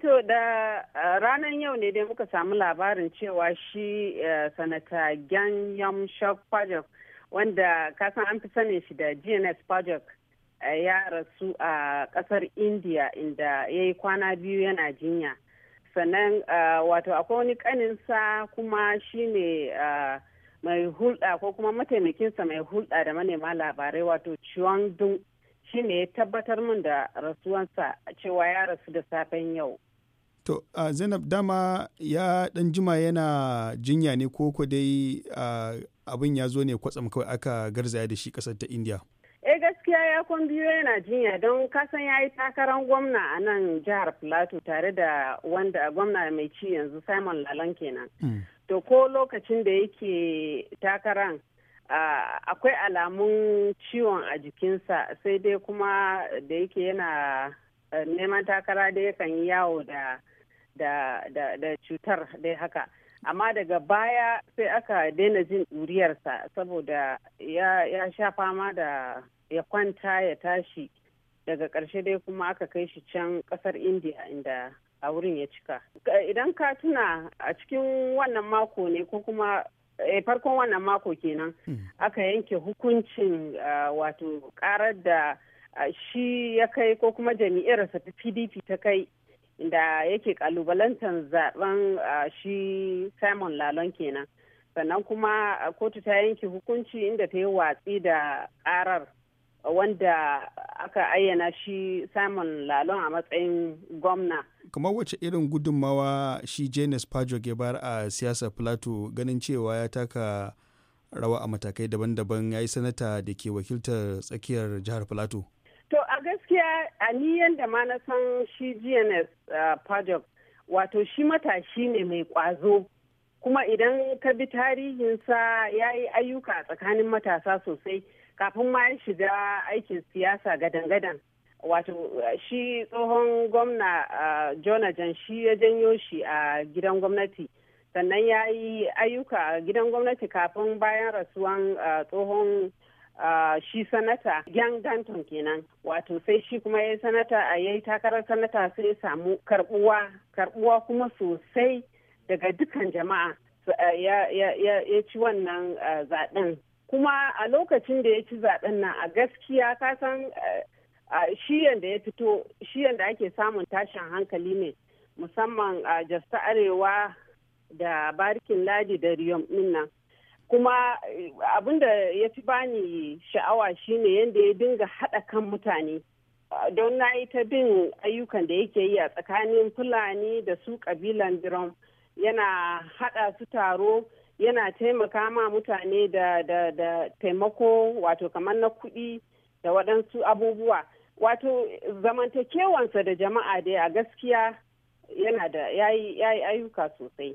to da eh, ranar yau ne dai muka samu labarin cewa shi eh, sanata Gyan Yamshak Pajok wanda kasan an fi sanin shi da GNS Pajok eh, ya rasu a kasar India inda ya yi kwana biyu yana jinya. Sannan wato akwai wani kaninsa kuma shi ne mai hulɗa ko kuma mataimakinsa mai hulɗa da manema labarai wato Chiwang Dung shine ya tabbatar min da rasuwansa cewa ya rasu da safen yau To uh, Zainab dama ya dan jima yana jinya ne ko ko dai abin ya zo ne kwatsam kawai aka garzaya da shi kasar ta India. Eh gaskiya ya kwan biyu yana jinya don kasan ya yi takarar gwamna a nan jihar Plateau tare da wanda gwamna mai ci yanzu Simon lalan kenan. Mm. To ko lokacin da yake takaran uh, akwai alamun ciwon a jikinsa sai dai kuma da yake yana eh, neman takara da yakan yi yawo da da, cutar dai haka amma daga baya sai aka daina jin ɗuriyarsa saboda ya, ya sha fama da ya kwanta ya tashi daga ƙarshe dai kuma aka kai shi can ƙasar indiya inda a wurin ya cika idan ka tuna a cikin wannan mako ne ko kuma eh, farkon wannan mako kenan hmm. aka yanke hukuncin ah, wato ƙarar da ah, shi ya kai ko kuma sa ta pdp ta kai da yake kalubalantar zaben shi simon lalon kenan sannan kuma kotu ta yanke hukunci inda ta yi watsi da karar wanda aka ayyana shi simon lalon a matsayin gwamna kamar wacce irin gudunmawa shi janus pajo bara a siyasar plato ganin cewa ya taka rawa a matakai daban-daban ya yi sanata da ke wakiltar tsakiyar jihar plato to a gaskiya a yadda ma na san shi gns uh, paddock wato shi matashi ne mai kwazo kuma idan ka bi tarihinsa ya yi ayyuka a tsakanin matasa sosai kafin ma ya shiga aikin siyasa gadangadan gadan wato uh, shi tsohon gwamna uh, jonajan shi ya janyo shi a gidan gwamnati sannan ya yi ayyuka a gidan gwamnati kafin bayan rasuwan tsohon Ah, shi sanata ganton kenan wato sai shi kuma ya sanata a yayi takarar sanata sai ya samu karbuwa karbuwa kuma sosai daga dukkan jama'a eh, ya ci wannan eh, zaɗen kuma a lokacin da ya ci zaɗen nan a gaskiya ka san eh, shiyan da ya fito shiyan da ake samun tashin hankali ne musamman a ah, jasta arewa da barikin ladi da riyom nan kuma eh, abin da ya fi bani sha'awa shine yadda ya dinga haɗa kan mutane ah, don na yi ta bin ayyukan da yake yi a tsakanin fulani da su kabilan birom yana haɗa su taro yana taimaka ma mutane da, taimako wato kamar na kuɗi da waɗansu abubuwa wato zamantakewansa da jama'a dai a gaskiya yana da yayi ayyuka sosai